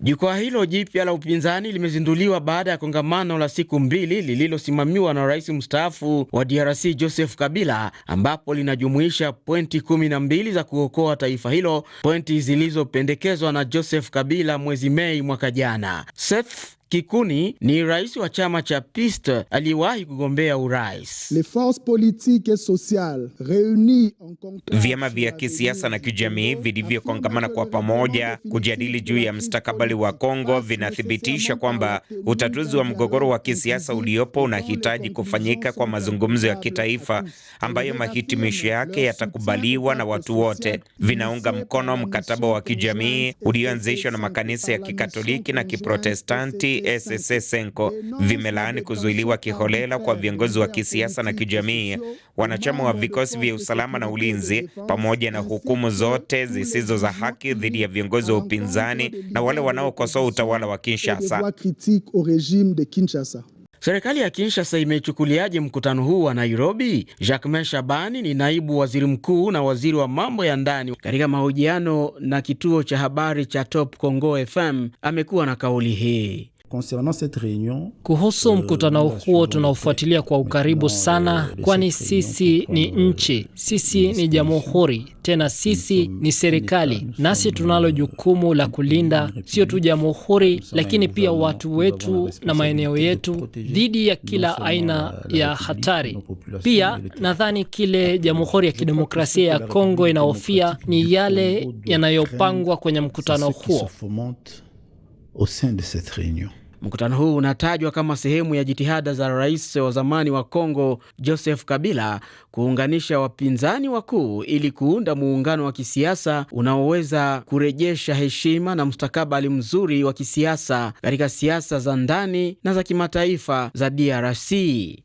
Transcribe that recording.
Jukwaa hilo jipya la upinzani limezinduliwa baada ya kongamano la siku mbili lililosimamiwa na rais mstaafu wa DRC Joseph Kabila, ambapo linajumuisha pointi kumi na mbili za kuokoa taifa hilo, pointi zilizopendekezwa na Joseph Kabila mwezi Mei mwaka jana. Seth Kikuni ni rais wa chama cha PIST aliyewahi kugombea urais. Vyama vya kisiasa na kijamii vilivyokongamana kwa pamoja kujadili juu ya mstakabali wa Kongo vinathibitisha kwamba utatuzi wa mgogoro wa kisiasa uliopo unahitaji kufanyika kwa mazungumzo ya kitaifa ambayo mahitimisho yake yatakubaliwa na watu wote. Vinaunga mkono mkataba wa kijamii ulioanzishwa na makanisa ya Kikatoliki na Kiprotestanti PSC Senko vimelaani kuzuiliwa kiholela kwa viongozi wa kisiasa na kijamii, wanachama wa vikosi vya usalama na ulinzi, pamoja na hukumu zote zisizo za haki dhidi ya viongozi wa upinzani na wale wanaokosoa utawala wa Kinshasa. Serikali ya Kinshasa imechukuliaje mkutano huu wa Nairobi? Jacmain Shabani ni naibu waziri mkuu na waziri wa mambo ya ndani. Katika mahojiano na kituo cha habari cha Top Congo FM amekuwa na kauli hii. Kuhusu euh, mkutano huo tunaofuatilia kwa ukaribu euh, sana, kwani sisi ni euh, nchi, sisi ni jamhuri, tena sisi ni serikali, nasi tunalo jukumu la kulinda sio tu jamhuri, lakini pia watu wetu na maeneo yetu dhidi ya kila aina ya hatari. Pia nadhani kile Jamhuri ya Kidemokrasia ya Kongo inahofia ni yale yanayopangwa kwenye mkutano huo. au sein de cette réunion. Mkutano huu unatajwa kama sehemu ya jitihada za rais wa zamani wa Kongo Joseph Kabila kuunganisha wapinzani wakuu ili kuunda muungano wa kisiasa unaoweza kurejesha heshima na mustakabali mzuri wa kisiasa katika siasa za ndani na za kimataifa za DRC.